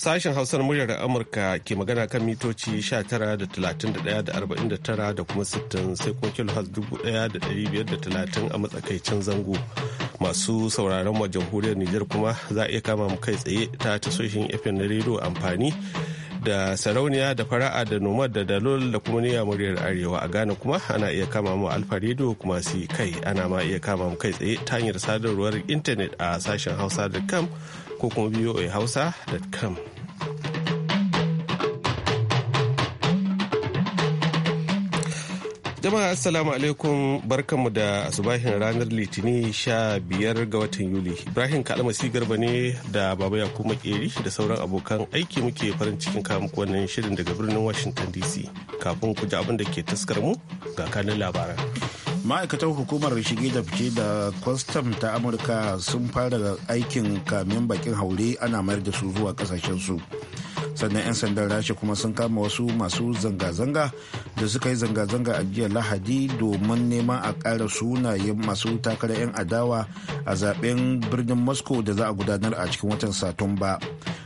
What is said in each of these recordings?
Sashen Hausar muryar Amurka ke magana kan mitoci 19.31.49 da kuma 60 sai kuma kilo 1,530 a matsakaicin zango. Masu sauraron wa jamhuriyar Nijar kuma za a iya kama mu kai tsaye ta tasoshin FM na rediyo amfani da sarauniya da fara'a da noma da dalol da kuma niyya muryar arewa a ghana kuma ana iya kama mu alfa rediyo kuma si kai ana ma iya kama mu kai tsaye ta hanyar sadarwar intanet a sashen hausa.com ko kuma voahausa.com. jama'a assalamu alaikum barkanmu da asubahin ranar litinin sha biyar ga watan yuli ibrahim kalmasi garba ne da baba yakubu makeri da sauran abokan aiki muke farin cikin kawo muku wannan shirin daga birnin washington dc kafin ku ji abin da ke taskar mu ga kanin labaran ma'aikatan hukumar shige da fice da kwastam ta amurka sun fara aikin kamin bakin haure ana mayar da su zuwa kasashen su sannan 'yan sandan rasha kuma sun kama wasu masu zanga-zanga da suka yi zanga-zanga a jiya lahadi domin neman a kara sunayen masu takarar 'yan adawa a zaben birnin moscow da za a gudanar a cikin watan satumba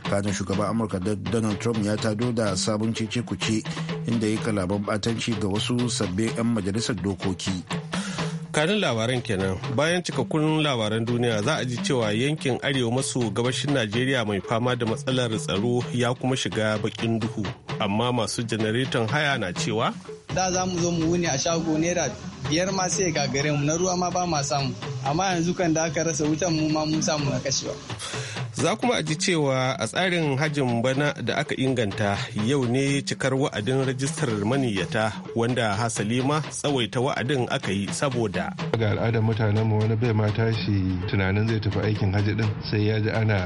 kanin shugaban amurka donald trump ya tado da sabon cece kuce inda ya kalaban batanci ga wasu sabbin 'yan majalisar dokoki tsakanin labaran kenan bayan cikakkun labaran duniya za a ji cewa yankin arewa maso gabashin najeriya mai fama da matsalar tsaro ya kuma shiga bakin duhu amma masu janareton haya na cewa da za mu zo mu wuni a shago naira biyar ma sai gagare mu na ruwa ma ba ma samu amma yanzu kan da aka rasa wutan mu ma mun samu na kashewa za kuma a ji cewa a tsarin hajjin bana da aka inganta yau ne cikar wa'adin rajistar maniyyata wanda hasali ma tsawaita wa'adin aka yi saboda ga al'adar mutanen mu wani bai ma tashi tunanin zai tafi aikin hajji din sai ya ji ana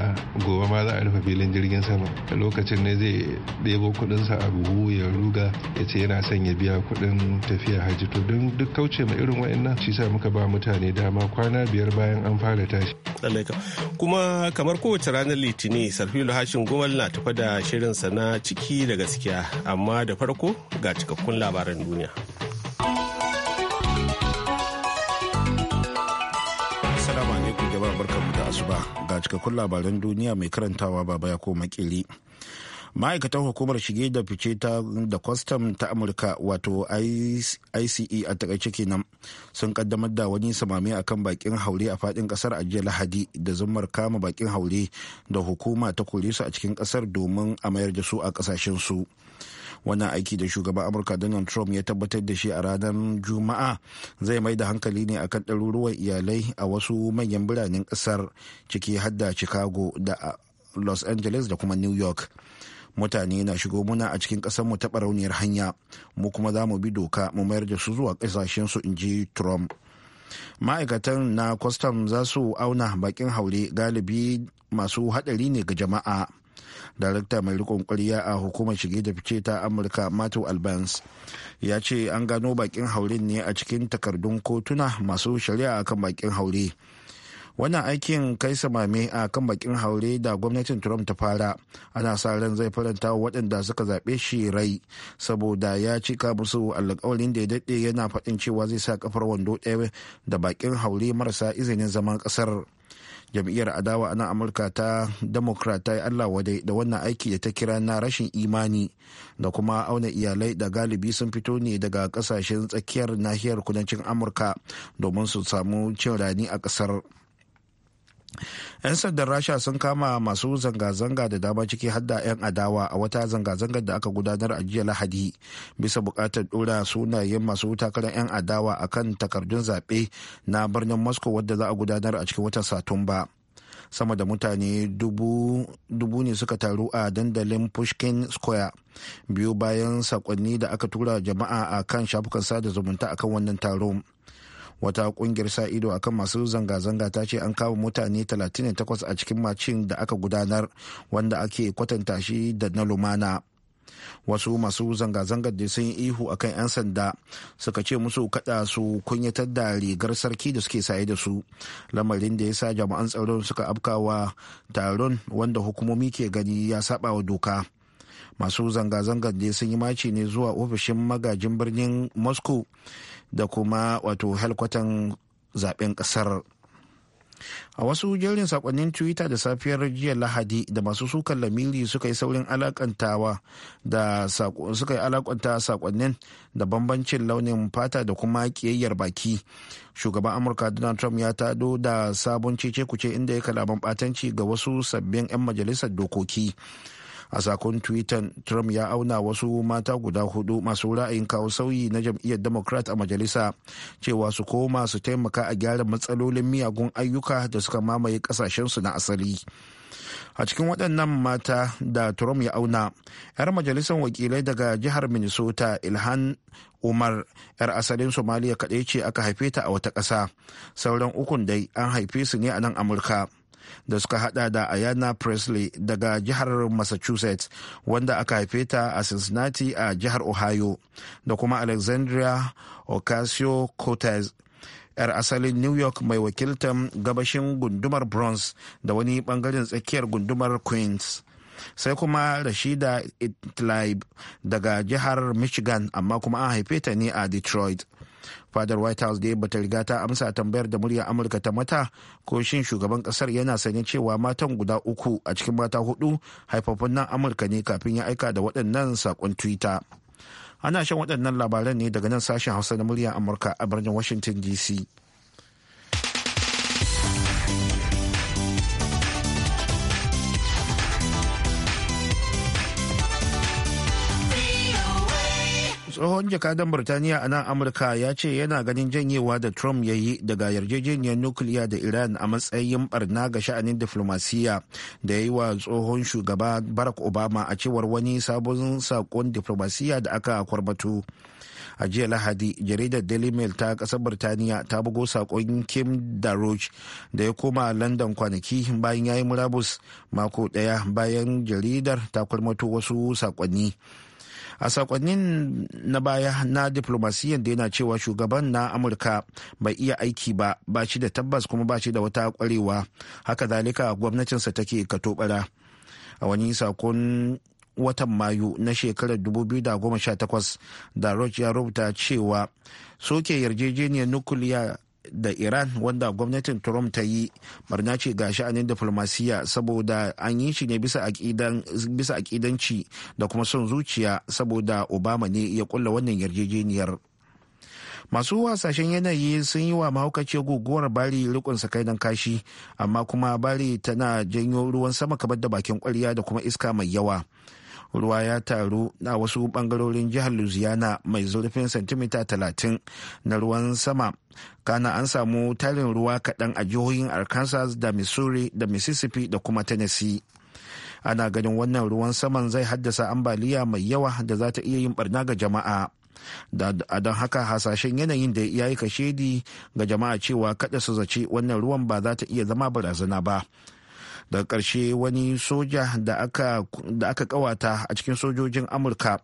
gobe ma za a rufe filin jirgin sama a lokacin ne zai ɗebo kuɗinsa a buhu ya ruga ya ce yana son ya biya kuɗin tafiya hajji to don duk kauce ma irin wa'annan shi sa muka ba mutane dama kwana biyar bayan an fara tashi. kuma kamar kowace ranar litinin sarfilu hashin gomal na tafa da sa na ciki da gaskiya amma da farko ga cikakkun labaran duniya. Assalamu alaikum jama'a barkanmu da asuba ga cikakkun labaran duniya mai karantawa baba ya ko makili ma'aikatan hukumar shige da fice ta da kwastam ta amurka wato ice a takaice kenan sun kaddamar da wani samami akan bakin haure a fadin kasar a jiya lahadi da zumar kama bakin haure da hukuma ta kore su a cikin kasar domin a mayar da su a kasashen su wannan aiki da shugaban amurka donald trump ya tabbatar da shi a ranar juma'a zai mai da hankali ne akan ɗaruruwan iyalai a wasu manyan biranen ƙasar ciki hadda chicago da los angeles da kuma new york mutane na shigo muna a cikin mu ta barauniyar hanya mu kuma za mu bi doka mu mayar da su zuwa su in ji trump ma'aikatan na kwastam za su auna bakin haure galibi masu haɗari ne ga jama'a darakta mai rikon kwariya a hukumar shige da fice ta amurka mato albans ya ce an gano bakin haurin ne a cikin takardun kotuna masu shari'a akan bakin haure wannan aikin kai samame a kan bakin haure da gwamnatin trump ta fara ana sa ran zai faranta wa waɗanda suka zaɓe shi rai saboda ya cika musu alƙawarin da ya daɗe yana faɗin cewa zai sa kafar wando ɗaya da bakin haure marasa izinin zaman ƙasar jam'iyyar adawa na amurka ta democrat ta yi allah wadai da wannan aiki da ta kira na rashin imani da kuma auna iyalai da galibi sun fito ne daga kasashen tsakiyar nahiyar kudancin amurka domin su samu cin rani a kasar 'yan sandan rasha sun kama masu zanga-zanga da dama ciki da 'yan adawa a wata zanga-zangar da aka gudanar a jiya lahadi bisa bukatar dora sunayen masu takarar 'yan adawa a kan takardun zaɓe na birnin moscow wadda za a gudanar a cikin watan satumba sama da mutane dubu ne suka taru a dandalin pushkin square biyu bayan sakonni da aka tura jama'a a kan shafukan sada zumunta akan wannan taron. wata kungiyar sa ido akan masu zanga-zanga ta ce an kawo mutane 38 a cikin macin da aka gudanar wanda ake kwatanta shi da na lumana wasu masu zanga-zangar da sun yi ihu akan 'yan sanda suka ce musu kada su kunyatar da rigar sarki da suke saye da su lamarin da ya sa jami'an tsaron suka afkawa taron wanda hukumomi ke gani ya saba wa doka masu zanga-zangar da sun yi maci ne zuwa ofishin magajin birnin moscow da kuma wato halkwatan zaben kasar a wasu jerin sakonnin twitter da safiyar jiya lahadi da masu sukan lamiri suka yi saurin alakantawa da suka yi alakanta sakonnin da bambancin launin fata da kuma kiyayyar baki shugaban amurka donald trump ya tado da sabon cece kuce inda ya kalaman batanci ga wasu sabbin 'yan majalisar dokoki a sakon twitter trump ya auna wasu mata guda hudu masu ra'ayin kawo sauyi na jam'iyyar democrat a majalisa cewa su koma su taimaka a gyara matsalolin miyagun ayyuka da suka mamaye kasashensu na asali a cikin waɗannan mata da trump ya auna 'yar majalisar wakilai daga jihar minnesota ilhan umar 'yar asalin somaliya kaɗai ce aka haife ta a wata ƙasa sauran ukun dai an haife su ne a nan amurka da suka hada da ayana presley daga jihar massachusetts wanda aka haife ta a cincinnati a jihar ohio da kuma alexandria ocasio cortez yar asalin new york mai wakiltar gabashin gundumar bronx da wani bangaren tsakiyar gundumar queens sai kuma rashida itlaib daga jihar michigan amma kuma an haife ta ne a detroit fadar white house dai bata riga ta amsa tambayar da murya amurka ta mata ko shin shugaban kasar yana sanya cewa matan guda uku a cikin mata hudu haifafun nan amurka ne kafin ya aika da waɗannan sakon twitter ana shan waɗannan labaran ne daga nan sashen hausa na murya amurka a birnin washington dc tsohon jakadan birtaniya a nan amurka ya ce yana ganin janyewa da trump ya yi daga yarjejeniyar nukiliya da iran a matsayin barna ga sha'anin diflomasiyya da ya yi wa tsohon shugaba barack obama a cewar wani sabon sakon diflomasiyya da aka kwarbato a jiya lahadi jaridar daily mail ta kasar birtaniya ta bugo sakon kim daroch da ya koma london kwanaki bayan ya yi murabus mako ɗaya bayan jaridar ta kwarmato wasu sakonni a sakonnin na baya na diplomasiyyar da yana cewa shugaban na amurka bai iya aiki ba ba shi da tabbas kuma ba shi da wata kwarewa haka zalika gwamnatinsa take katobara a wani sakon watan mayu na shekarar 2018 da roch ya rubuta cewa soke yarjejeniyar nukuliya da iran wanda gwamnatin trump ta yi barna ce ga sha'anin diflomasiyya saboda an yi shi ne bisa akidanci da kuma son zuciya saboda obama ne ya kulla wannan yarjejeniyar masu wasashen yanayi sun yi wa mahaukaci guguwar bari rikon sakainan kashi amma kuma bari tana janyo ruwan sama kamar da bakin kwarya da kuma iska mai yawa ruwa ya taru a wasu bangarorin jihar louisiana mai zurfin santimita talatin na ruwan sama kana an samu tarin ruwa kaɗan a jihohin arkansas da missouri da mississippi da kuma tennessee ana ganin wannan ruwan saman zai haddasa ambaliya mai yawa da za ta iya yin barna ga jama'a a don haka hasashen yanayin da ya yi kashedi ga jama'a cewa kada su zaci wannan ruwan ba za ta iya zama barazana ba daga ƙarshe wani soja da aka kawata a cikin sojojin amurka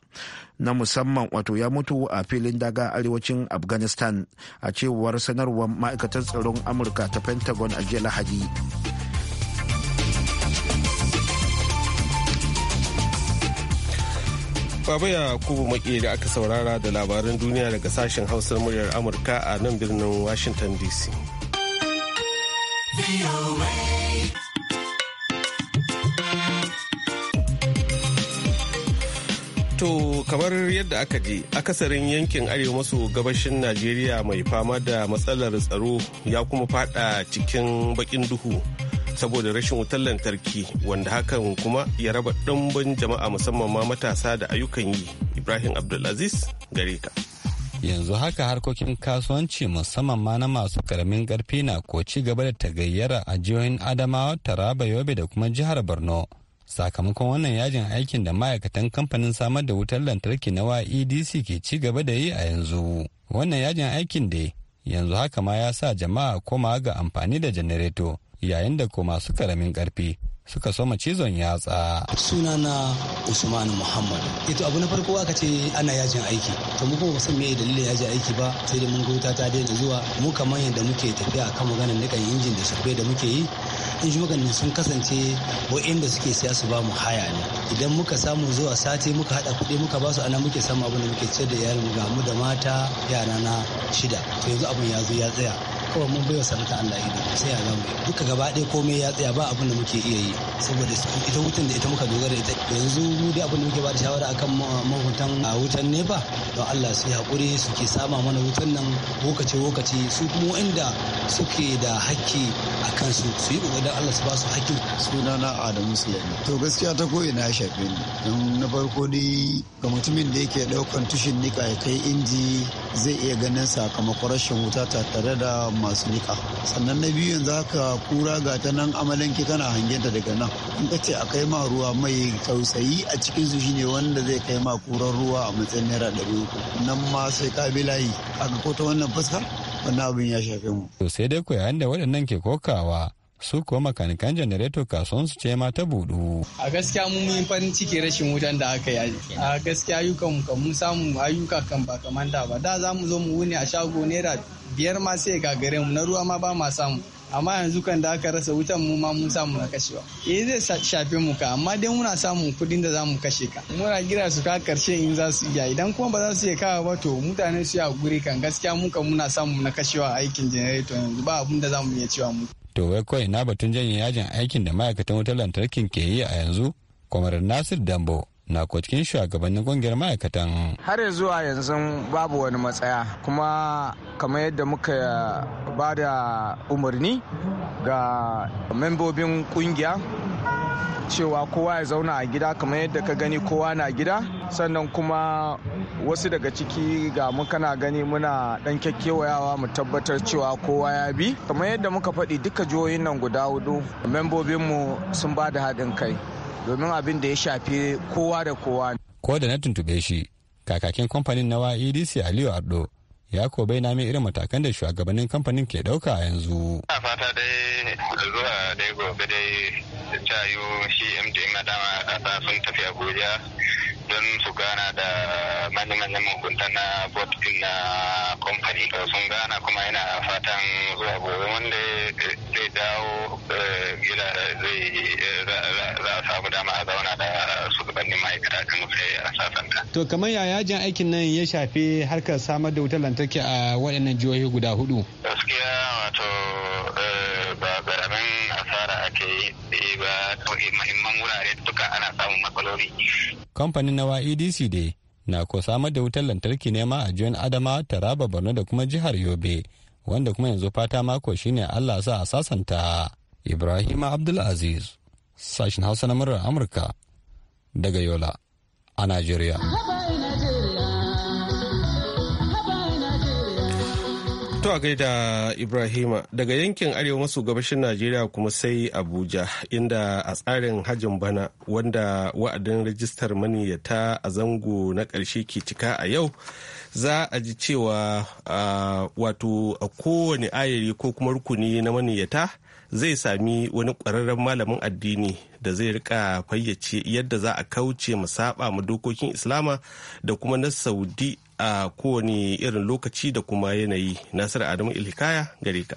na musamman wato ya mutu a filin daga arewacin afghanistan a cewar sanarwar ma'aikatar tsaron amurka ta pentagon a jiya lahadi Baba Yakubu maki da aka saurara da labaran duniya daga sashen hausar muryar Amurka a nan birnin Washington DC. To kamar yadda aka ji akasarin yankin arewa maso gabashin Najeriya mai fama da matsalar tsaro ya kuma fada cikin bakin duhu saboda rashin wutar lantarki wanda hakan kuma ya raba ɗumbin jama'a musamman ma matasa da ayyukan yi Ibrahim Abdulaziz gare ka. Yanzu haka harkokin kasuwanci musamman ma na masu karamin karfi na ko ci gaba da tagayyara a jihohin Adamawa, Taraba, Yobe da kuma jihar Borno. sakamakon wannan yajin aikin da ma'aikatan kamfanin samar da wutar lantarki na edc ke ci gaba da yi a yanzu wannan yajin aikin da yanzu haka ma ya sa jama'a koma ga amfani da janareto yayin da ko masu karamin karfi suka soma cizon yatsa. Suna na Usman Muhammad. ita abu na farko aka ce ana yajin aiki. To mu kuma san me dalilin yajin aiki ba sai da mun ga ta daina zuwa mu kamar yadda muke tafiya akan maganar nikan injin da surfe da muke yi. In ji maganin sun kasance wa'inda suke siya su ba mu haya ne. Idan muka samu zuwa sati muka hada kuɗi muka basu su ana muke samu abin da muke ciyar da yaran mu ga mu da mata yara na shida. To yanzu abin ya zo ya tsaya. kawai mun baiwa sanata Allah ido sai ya zama duka gaba ɗaya komai ya tsaya ba abin da muke iya yi saboda ita wutan da ita muka dogara ita yanzu mu dai abin da muke ba da shawara akan mahutan wutan nefa don Allah su hakuri suke sama mana wutan nan lokaci lokaci su kuma inda suke da hakki a kansu su yi kokarin Allah su ba su Suna na Adamu Sulaiman to gaskiya ta ko ina shafe ni don na farko dai ga mutumin da yake ɗaukan tushin nika ya kai inji zai iya ganin sakamakon rashin wuta tare da masu nika sannan na biyu yanzu haka kura ga ta nan amalanke kana hangen ta daga nan in ka ce a kai ma ruwa mai tausayi a cikin su shine wanda zai kai ma kurar ruwa a matsayin naira ɗari uku nan ma sai ka bi layi a ko ta wannan fuskar wannan abin ya shafe mu. sosai sai dai ko yayin da waɗannan ke kokawa su kuwa makanikan janareto kasuwansu ce ma ta budu. A gaskiya mun yi farin ciki rashin wutan da aka yi. A gaskiya ayyukan mu kan mun samu ayyuka kan ba kamanta ba. Da za mu zo mu wuni a shago naira biyar ma sai gare mu na ruwa ma ba ma samu. amma yanzu kan da aka rasa wutan mu ma mun samu na kashewa eh zai shafe mu ka amma dai muna samun kuɗin da zamu kashe ka muna gira su ka karshe in za su iya idan kuma ba za su iya kawo ba to mutane su ya guri kan gaskiya mun kan muna samu na kashewa aikin generator yanzu ba abun da zamu iya cewa mu to wai ko na batun janye yajin aikin da ma'aikatan wutar lantarkin ke yi a yanzu kwamarar nasir dambo na cikin shugabannin kungiyar ma'aikatan. Har yanzu zuwa yanzu babu wani matsaya kuma kamar yadda muka ba da umarni ga membobin kungiya cewa kowa ya zauna a gida kamar yadda ka gani kowa na gida sannan kuma wasu daga ciki ga mu kana gani muna dan kyakkyawa mu tabbatar cewa kowa ya bi kamar yadda muka faɗi duka jihohin nan guda hudu membobinmu sun ba da haɗin kai domin abin da ya shafi kowa da kowa. Ko da na tuntube shi, kakakin kamfanin na EDC Aliyu Ardo ya ko bai na irin matakan da shugabannin kamfanin ke ɗauka a yanzu. Ina fata dai zuwa dai gobe dai cayu shi MD Madama ƙasa sun tafi Abuja don su gana da manyan mahukunta na bot din na kamfani sun gana kuma yana fatan zuwa gobe wanda zai dawo eh, gila zai ma'aikata kan a da. To kamar ya yajin aikin nan ya shafi harkar samar da wutar lantarki a waɗannan jihohi guda hudu. Gaskiya wato eh, ba ƙaramin asara ake yi eh, ba kawai mahimman wurare duka ana samun matsaloli. Kamfanin nawa EDC dai na ko samar da wutar lantarki ne ma a jihar Adama, Taraba, Borno da kuma jihar Yobe. Wanda kuma yanzu fata mako shine Allah sa a sasanta Ibrahim Abdulaziz, sashen Hausa na murar Amurka daga Yola a Najeriya. To gaida Ibrahima daga yankin arewa maso gabashin Najeriya kuma sai Abuja inda a tsarin hajin bana wanda wa'adin rajistar maniyyata a zango na ƙarshe ke cika a yau za a ji cewa wato a kowane ayari ko kuma rukuni na maniyyata zai sami wani ƙwararren malamin addini da zai rika fayyace yadda za a kauce mu saba mu dokokin islama da kuma na saudi a kowane irin lokaci da kuma yanayi nasiru adamu ilhikaya gare ka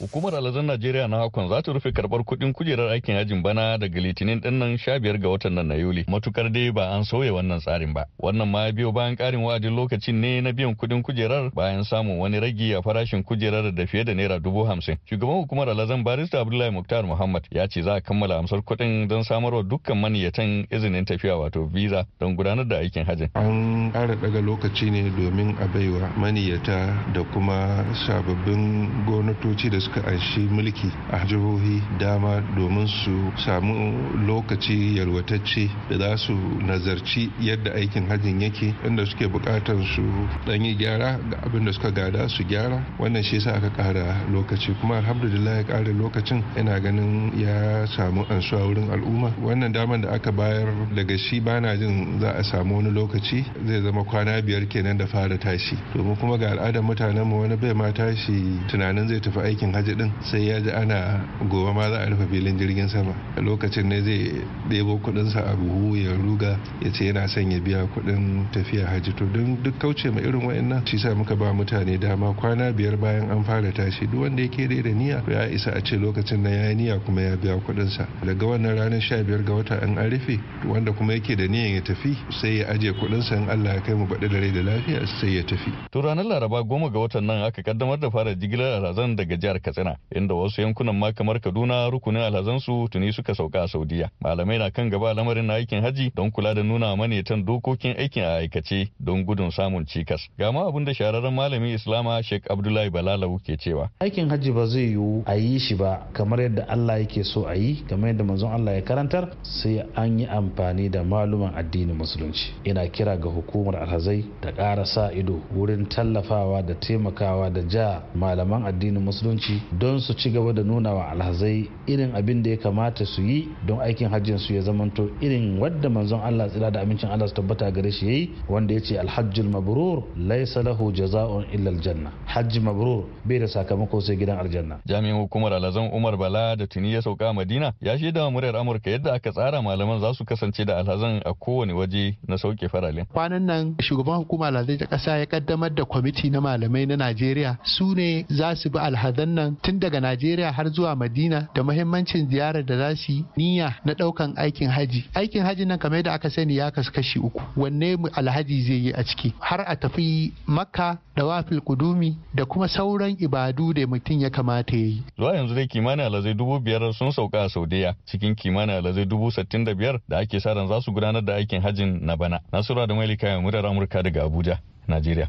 Hukumar Aladun Najeriya na hakon za ta rufe karbar kudin kujerar aikin hajin bana daga Litinin dan nan sha biyar ga watan nan na Yuli. Matukar dai ba an sauya wannan tsarin ba. Wannan ma biyo bayan karin wa'adin lokacin ne na biyan kudin kujerar bayan samun wani ragi a farashin kujerar da fiye da naira dubu hamsin. Shugaban hukumar Alazan Barista Abdullahi Muktar Muhammad ya ce za a kammala amsar kuɗin don samarwa dukkan maniyatan izinin tafiya wato visa don gudanar da aikin hajin. An ƙara daga lokaci ne domin a baiwa maniyata da kuma sababbin gwamnatoci da suka anshi mulki a jihohi dama domin su samu lokaci yalwatacce da za su nazarci yadda aikin hajjin yake inda suke bukatar su dan yi gyara ga abin da suka gada su gyara wannan shi yasa aka kara lokaci kuma alhamdulillah ya kara lokacin ina ganin ya samu ansuwa wurin al'umma wannan daman da aka bayar daga shi bana jin za a samu wani lokaci zai zama kwana biyar kenan da fara tashi domin kuma ga al'adar mutanen mu wani bai ma tashi tunanin zai tafi aikin alhaji din sai ya ji ana gobe ma za a rufe filin jirgin sama a lokacin ne zai ɗebo kuɗinsa a buhu ya ruga ya ce yana son ya biya kuɗin tafiya hajji to don duk kauce ma irin wa'annan shi sa muka ba mutane dama kwana biyar bayan an fara tashi duk wanda yake dai da niyya ya isa a ce lokacin na yi niyya kuma ya biya kuɗinsa daga wannan ranar sha biyar ga wata an arife wanda kuma yake da niyyan ya tafi sai ya ajiye kuɗin sa in Allah ya kai mu baɗi da rai da lafiya sai ya tafi. To ranar Laraba goma ga watan nan aka kaddamar da fara jigilar razan daga jihar katsina inda wasu yankunan ma kamar kaduna rukunin alhazansu tuni suka sauka a saudiya malamai na kan gaba lamarin na aikin haji don kula da nuna manetan dokokin aikin a aikace don gudun samun cikas ga ma abin da shahararren malami islama sheikh abdullahi balalau ke cewa aikin haji ba zai yiwu a yi shi ba kamar yadda allah yake so a yi kamar yadda manzon allah ya karantar sai an yi amfani da maluman addinin musulunci ina kira ga hukumar alhazai da ƙara sa ido wurin tallafawa da taimakawa da ja malaman addinin musulunci shi don su ci gaba da nuna wa alhazai irin abin da ya kamata su yi don aikin hajjin su ya zamanto irin wadda manzon Allah tsira da amincin Allah su tabbata gare shi yayi wanda ce alhajjul mabrur laysa lahu jaza'un illa aljanna hajji mabrur bai da sakamako sai gidan aljanna jami'in hukumar alhazan Umar Bala da tuni ya sauka Madina ya shaida wa muryar Amurka yadda aka tsara malaman za su kasance da alhazan a kowane waje na sauke faralin kwanan nan shugaban hukumar alhazai ta kasa ya kaddamar da kwamiti na malamai na Najeriya su ne za su bi alhazan nan tun daga Najeriya har zuwa Madina da muhimmancin ziyarar da za su yi niyya na daukan aikin haji. Aikin haji nan kamar da aka sani ya kasu kashi uku wanne alhaji zai yi a ciki har a tafi Makka da wafil kudumi da kuma sauran ibadu da mutum ya kamata ya yi. Zuwa yanzu dai kimanin alazai dubu biyar sun sauka a Saudiya cikin kimanin alazai dubu sittin da biyar da ake sa ran za su gudanar da aikin hajin na bana. Nasura da Malika Yamurar Amurka daga Abuja, Najeriya.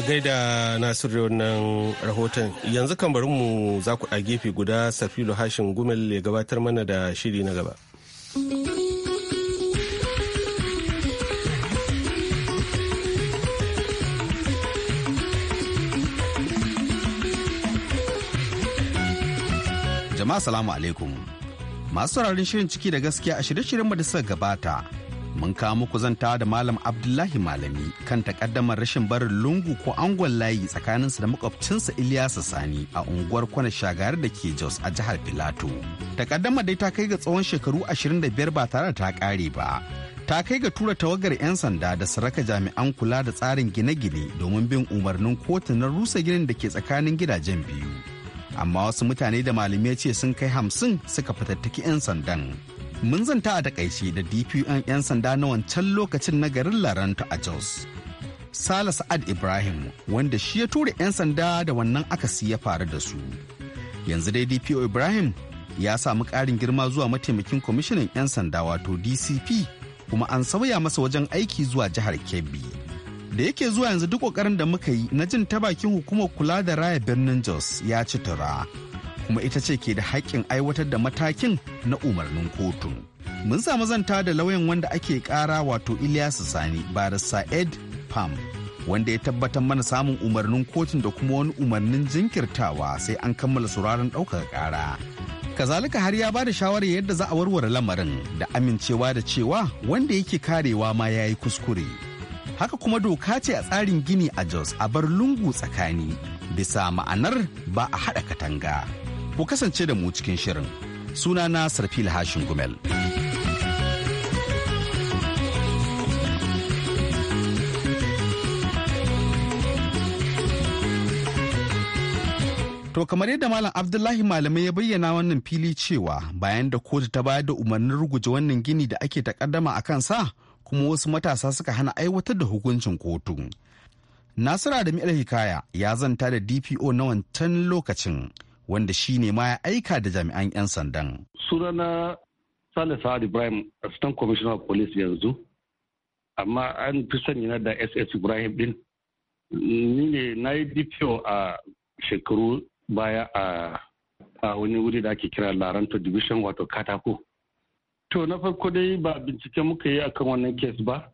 a gaida Nasiru wannan rahoton yanzu kan bari mu za ku a gefe guda Safilu Hashin Gumel ya gabatar mana da shiri na gaba. Jama'a salamu alaikum. Masu sauraron shirin ciki da gaskiya a shirye-shiryen da suka gabata mun kawo muku zanta da malam abdullahi malami kan takaddamar rashin barin lungu ko angon layi tsakaninsa da makwabcinsa iliyasa sani a unguwar kwana shagari da ke jos a jihar filato takaddamar dai ta kai ga tsawon shekaru 25 ba tare da ta kare ba ta kai ga tura tawagar 'yan sanda da saraka jami'an kula da tsarin gine-gine domin bin umarnin kotu na rusa ginin da ke tsakanin gidajen biyu amma wasu mutane da malamai ce sun kai hamsin suka fitattaki 'yan sandan mun zanta a takaice da dpn 'yan sanda na wancan lokacin na garin laranto a jos sala sa'ad ibrahim wanda shi ya tura 'yan sanda da wannan akasi ya faru da su yanzu dai dpo ibrahim ya samu ƙarin girma zuwa mataimakin kwamishinan 'yan sanda wato dcp kuma an sauya masa wajen aiki zuwa jihar kebbi da yake zuwa yanzu duk ƙoƙarin da muka yi na jin ta bakin hukumar kula da raya birnin jos ya ci tura kuma ita ce ke da haƙƙin aiwatar da matakin na umarnin kotun. Mun samu zanta da lauyan wanda ake ƙara wato Ilyasu Sani barista Ed Pam wanda ya tabbatar mana samun umarnin kotun da kuma wani umarnin jinkirtawa sai an kammala sauraron ɗaukar ƙara. Kazalika har ya ba da shawarar yadda za a warware lamarin da amincewa da cewa wanda yake karewa ma ya yi kuskure. Haka kuma doka ce a tsarin gini a Jos a bar lungu tsakani bisa ma'anar ba a haɗa katanga. Ku kasance da mu cikin shirin. Sunana Sarfil Hashin Gumel. To kamar yadda Malam Abdullahi malamai ya bayyana wannan fili cewa bayan da kotu ta bayar da umarnin ruguje wannan gini da ake takaddama a kansa kuma wasu matasa suka hana aiwatar da hukuncin kotu. Nasiru Adamu Hikaya ya zanta da DPO na wancan lokacin wanda shi ne ma ya aika da jami'an 'yan sandan. Sunana Sale Sa'ad Ibrahim, Assistant Commissioner of Police yanzu, amma an fi sani na da SS Ibrahim din. Ni ne na yi DPO a shekaru baya a wani wuri da ake kira Laranto Division wato Katako. To na farko dai ba binciken muka yi akan wannan kes ba,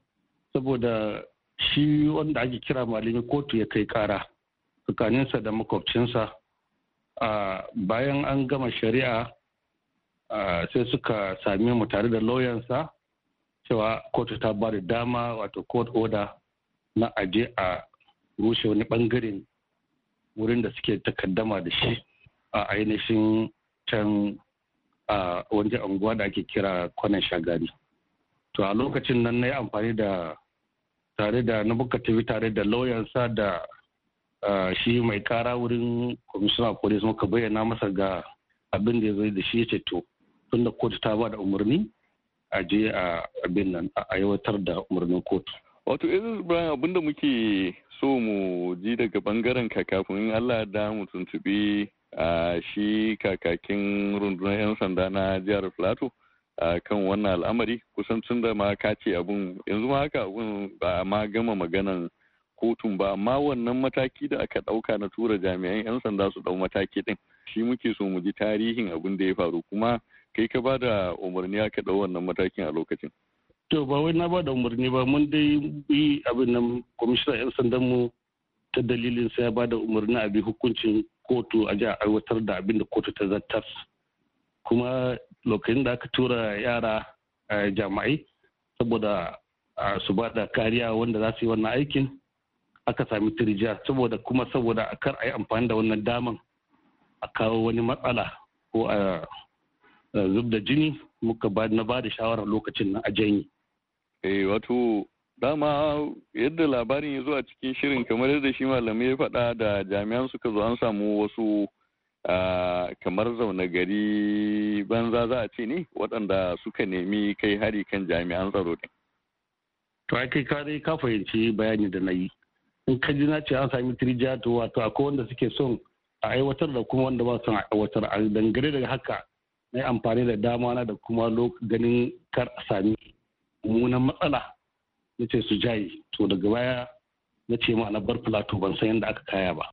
saboda shi wanda ake kira malami kotu ya kai kara tsakaninsa da makwabcinsa A bayan an gama shari'a sai suka sami mu tare da lauyansa cewa kotu ta ba da dama wato court order na aje a rushe wani bangaren wurin da suke takaddama da shi a ainihin can a wani unguwa da ake kira kwanan shagari to a lokacin nan na yi amfani da tare da na muka tafi tare da lauyansa da shi mai kara wurin kwamishina police muka bayyana masa ga abin da ya zai da shi ya ce to tunda kotu ta ba da umarni a je a abin nan a aiwatar da umarnin kotu. Wato irin eh, Ibrahim abinda muke so mu ji daga bangaren ka kafin Allah da mu tuntuɓi a shi kakakin rundunar 'yan sanda na jihar Filato a kan wannan al'amari kusan tun da ma ka ce abun yanzu ma haka abun ba ma gama maganan kotun ba amma wannan mataki da aka ɗauka na tura jami'an 'yan sanda su ɗau mataki din shi muke so mu ji tarihin abin da ya faru kuma kai ka ba da umarni aka ɗau wannan matakin a lokacin. to ba wai na bada da umarni ba mun dai bi abin nan kwamishinan 'yan sandan mu ta dalilin sai ya ba umarni a bi hukuncin kotu a ji a aiwatar da abin da kotu ta zartar kuma lokacin da aka tura yara eh, jami'ai saboda eh, su ba da kariya wanda za su yi wannan aikin aka sami tirjiya saboda kuma saboda a kar a yi amfani da wannan daman a kawo wani matsala ko a zub da jini muka na ba da shawarar lokacin na a janyi. Eh wato dama yadda labarin ya zo a cikin shirin kamar yadda shi malamai ya faɗa da jami'an suka zo an samu wasu kamar zaune gari banza za a ce ne waɗanda suka nemi kai hari kan jami'an tsaro ne. To ai kai ka ka fahimci bayani da na yi. in ka ji na ce an sami tirija to wato akwai wanda suke son a aiwatar da kuma wanda ba su aiwatar a dangare. daga haka na yi amfani da dama na da kuma ganin kar a sami mummunan matsala na ce su jaye to daga baya na ce ma na bar plateau ban san yadda aka kaya ba.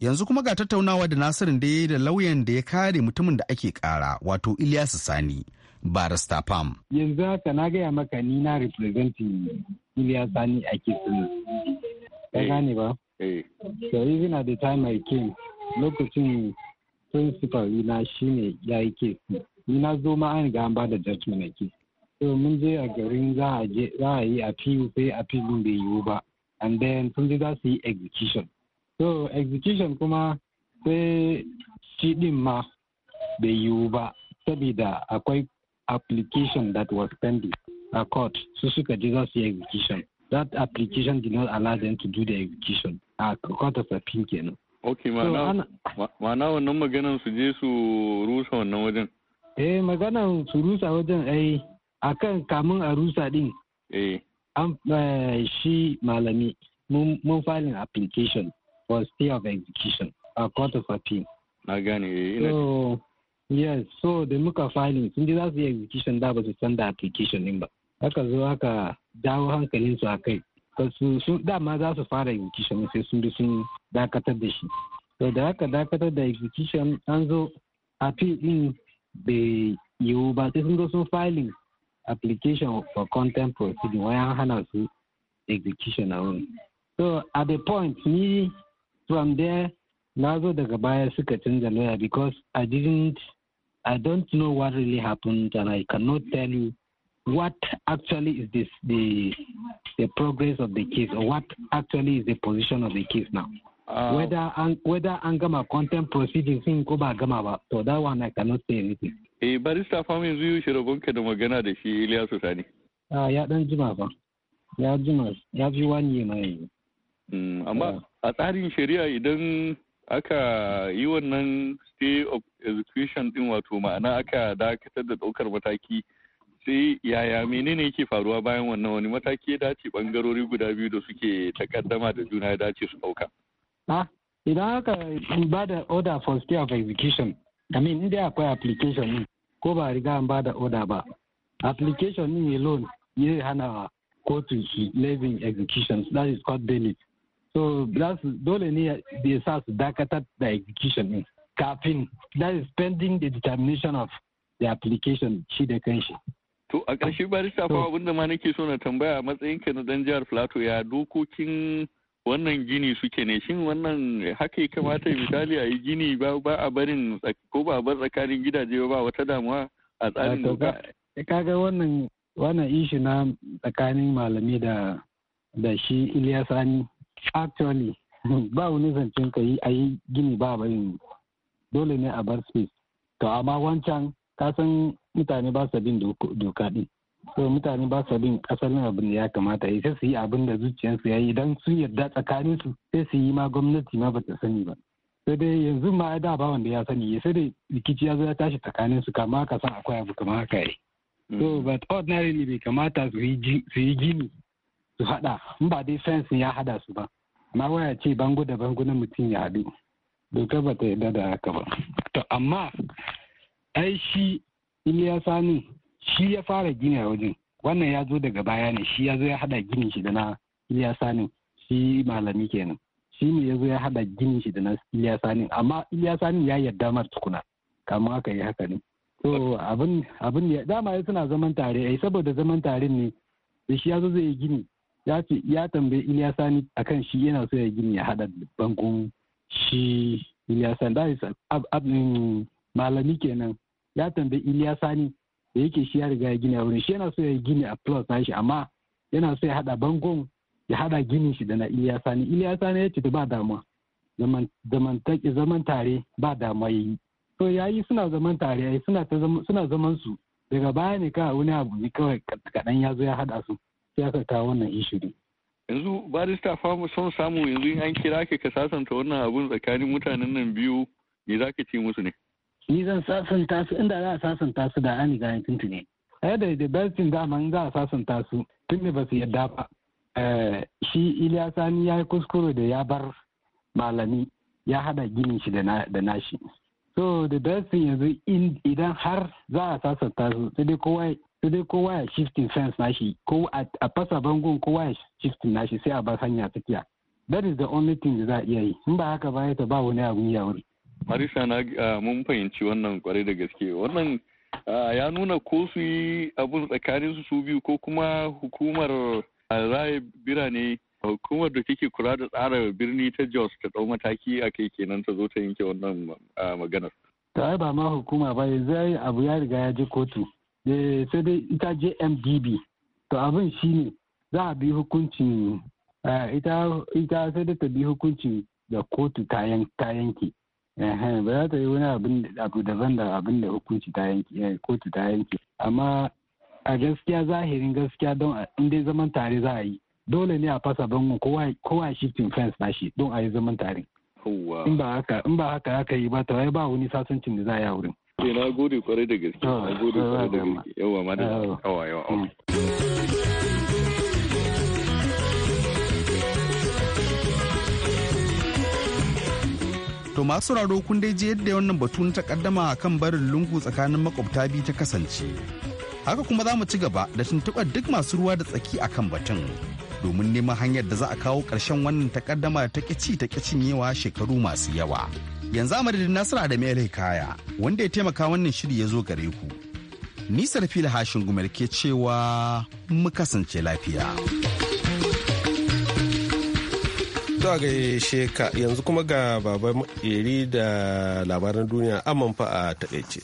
yanzu kuma ga tattaunawa da nasirin da ya yi da lauyan da ya kare mutumin da ake kara wato ilyasu sani barista pam yanzu haka na gaya maka ni na representing Julia Sani a Kitsina. ya eh. gane ba? Eh. So even at the time I came, lokacin principal shi shine ya yi kesi. yana zo ma an ga an ba da judgment a So mun je a garin za a yi a yi appeal sai appeal bai yiwu ba. And then sun je za su yi execution. So execution kuma sai shi din ma bai yiwu ba. Sabida akwai application that was pending. a court su suka ji za su yi execution that application did not allow them to do the execution a court of appeal kenan ok ma'ana wannan maganan su je su rusa wannan wajen eh maganan su rusa wajen eh, ai kan kamun a rusa din eh an eh, shi malami mun filing application for stay of execution a court of appeal na gane eh, so yes so da muka filing sun ji za su yi execution da ba su san da application din ba haka zo haka dawo hankalin su a kai su dama za su fara execution sai sun bi sun dakatar da shi to da haka dakatar da execution an zo fi din bai yiwu ba sai sun zo sun filing application for content proceeding wayan hana su execution a wuri so at the point ni from there na zo daga baya suka canza lawyer because i didn't i don't know what really happened and i cannot tell you what actually is this, the the progress of the case or what actually is the position of the case now? Uh, whether an, whether an gama content proceedings in ko ba gama ba to that one I cannot say anything. Eh barista fa zuyu shi rabonka da magana da shi Ilyasu Sani. Ah ya dan jima ba, Ya jima ya ji wani ne mai. Mm amma ah. a tsarin shari'a idan aka yi wannan stay of execution din wato ma'ana aka dakatar da daukar mataki sai yaya menene yake faruwa bayan wannan wani mataki ya dace bangarori guda biyu da suke takaddama da juna ya dace su dauka ah, idan aka ba da order for stay of execution i mean inda akwai application ne ko ba riga an ba da order ba application ne alone ya hana kotu shi levying executions that is called bailiff so that's dole ne ya sa su dakatar da execution ne. kafin that is pending the determination of the application shi da kanshi To a ƙarshe barista fa abinda ma nake so na tambaya ka na dan jihar Filato ya dokokin wannan gini suke ne shin wannan haka ya kamata misali a yi gini ba a barin ko ba bar tsakanin gidaje ba wata damuwa a tsarin doka. Kaga wannan wannan ishi na tsakanin malami da da shi Ilyas Sani actually ba wani zancen ka yi a yi gini ba barin dole ne a bar space to amma wancan ka san mutane ba su bin doka din so mutane ba su bin asalin abin da ya kamata yi eh, sai su yi abin da zuciyarsu ya yi idan sun yarda tsakanin su sai su yi ma gwamnati ma ba ta sani ba sai dai yanzu ma da ba wanda ya sani ya eh, sai dai rikici ya zo ya tashi tsakanin su kama ka san akwai abu kama haka yi eh. mm. so but ordinarily bai kamata su yi gini su hada in ba dai fensin ya hada su ba amma waya ce bango da bango na mutum ya haɗu doka ba ta yarda da haka ba to amma ai shi iliya sani shi ya fara gini a wajen wannan ya zo daga baya ne shi ya zo ya hada gini shi da na iliya sani shi malami kenan shi ne ya zo ya hada gini shi da na iliya sani amma iliya sani ya yarda mar tukuna kamar aka yi haka ne so abin abin ya dama ya suna zaman tare ai saboda zaman tare ne da shi ya zo zai gini ya ce ya tambayi iliya sani akan shi yana so ya gini ya hada bangon shi iliya sani mm, malami kenan ya tambayi Iliya Sani da yake shi ya riga ya gina wurin shi yana so ya gini a plus shi amma yana so ya hada bangon ya hada ginin shi da na Iliya Sani Iliya Sani ya ce ba damuwa zaman zaman tare ba damuwa yayi to yayi suna zaman tare yayi suna ta suna zaman su daga baya ne kawai wani abu ne kawai kadan ya zo ya hada su sai aka kawo wannan ishiri yanzu barista famu son samu yanzu in an kira ka ka sasanta wannan abun tsakanin mutanen nan biyu me zaka ce musu ne ni zan sasanta su inda za a sasanta su da an riga an tuntune ɗaya da da beltin dama za a sasanta su tun da ba su yadda ba eh, shi iliya sani ya yi kuskure da ya bar malami ya haɗa ginin shi da nashi so da beltin yanzu idan har za a sasanta su sai dai kowa sai dai kowa ya shifting fence nashi ko a fasa bangon kowa ya shifting nashi sai a bar hanya tsakiya that is the only thing da za a iya yi in ba haka ba ya ta ba wani abun yawuri. Marisa na ah, mun fahimci wannan kwarai da gaske wannan ah, ya nuna ko su yi abun tsakanin su su biyu ko kuma hukumar ah, raye birane hukumar da take kula da tsara birni ta Jos ta ɗau mataki a kai kenan ta zo ta yanke wannan maganar. Ta ba ma hukuma ba yanzu abu ya riga ya je kotu. Eh, sai dai ita JMDB to abin shi ne za a bi hukuncin ita sai dai ta bi hukuncin da kotu ta yanke ba za ta yi wani abin abu daban da abin da hukunci ta yanke eh, kotu ta yanke amma a gaskiya zahirin gaskiya don in dai zaman tare za a yi dole ne a fasa bango kowa shifting fence na shi don a yi zaman tare in ba haka in ba haka aka yi ba ta ba wani sasancin da za a yi a wurin. Eh, na gode kwarai da gaske na gode ah, kwarai da ah, gaske yawa ma da ah, yawa yawa hmm. To masu sauraro kun dai ji yadda wannan batu na a kan barin lungu tsakanin makwabta biyu ta kasance. Haka kuma za mu ci gaba da tuntuɓar duk masu ruwa da tsaki a kan batun. Domin neman hanyar da za a kawo ƙarshen wannan takaddama ta ƙici ta yawa shekaru masu yawa. Yanzu a madadin Nasiru da Mele Kaya wanda ya taimaka wannan shiri ya zo gare ku. Nisar fili hashin gumar ke cewa mu kasance lafiya. To gaishe ka yanzu kuma ga baban iri da labaran duniya amman fa a taɗaice.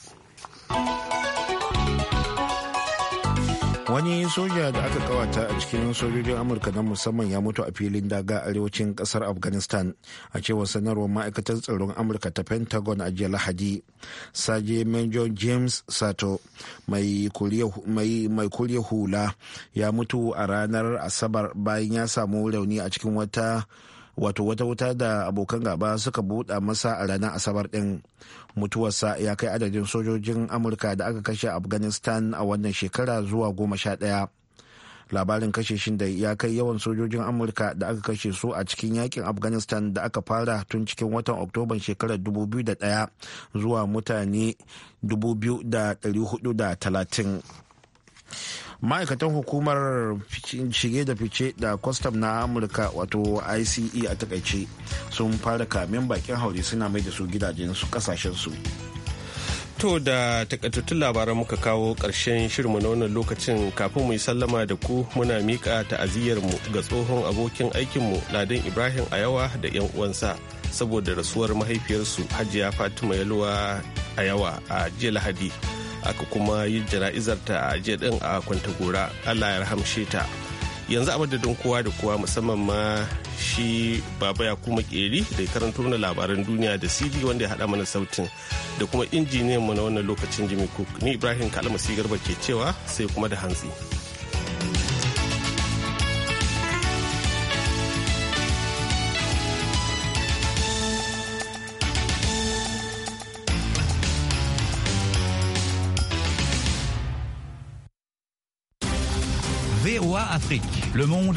wani soja da aka kawata a cikin sojojin amurka na musamman ya mutu a filin daga arewacin kasar afghanistan a cewar sanarwar ma'aikatar tsaron amurka ta pentagon a jiya lahadi saje major james sato mai kurya hula ya mutu a ranar asabar bayan ya samu rauni a cikin wata wato wata wuta da abokan gaba suka buɗa masa a ranar asabar ɗin mutuwarsa ya kai adadin sojojin amurka da aka kashe afghanistan a wannan shekara zuwa goma sha ɗaya labarin kashe shin da ya kai yawan sojojin amurka da aka kashe su a cikin yakin afghanistan da aka fara tun cikin watan oktoban shekarar 2001 zuwa mutane 2430 ma'aikatan hukumar shige da fice da kwastam na amurka wato ice a takaice sun fara kamin bakin hauri suna mai da su gidajensu kasashensu to da takaitattun labaran muka kawo ƙarshen shirinmu na wannan lokacin kafin mu yi sallama da ku muna miƙa ta'aziyyarmu ga tsohon abokin aikinmu ladan ibrahim ayawa da 'yan uwansa saboda rasuwar mahaifiyarsu hajiya fatima yalwa ayawa a jiya lahadi aka kuma yi jana'izar ta a jiya din a kwanta gora allah ya rahamshe ta yanzu a madadin kowa da kowa musamman ma shi baba ya kuma keri da karanto na labaran duniya da cd wanda ya hada mana sautin da kuma injiniyan mu na wannan lokacin jimmy cook ni ibrahim kalmasi garba ke cewa sai kuma da hantsi. Afrique. Le monde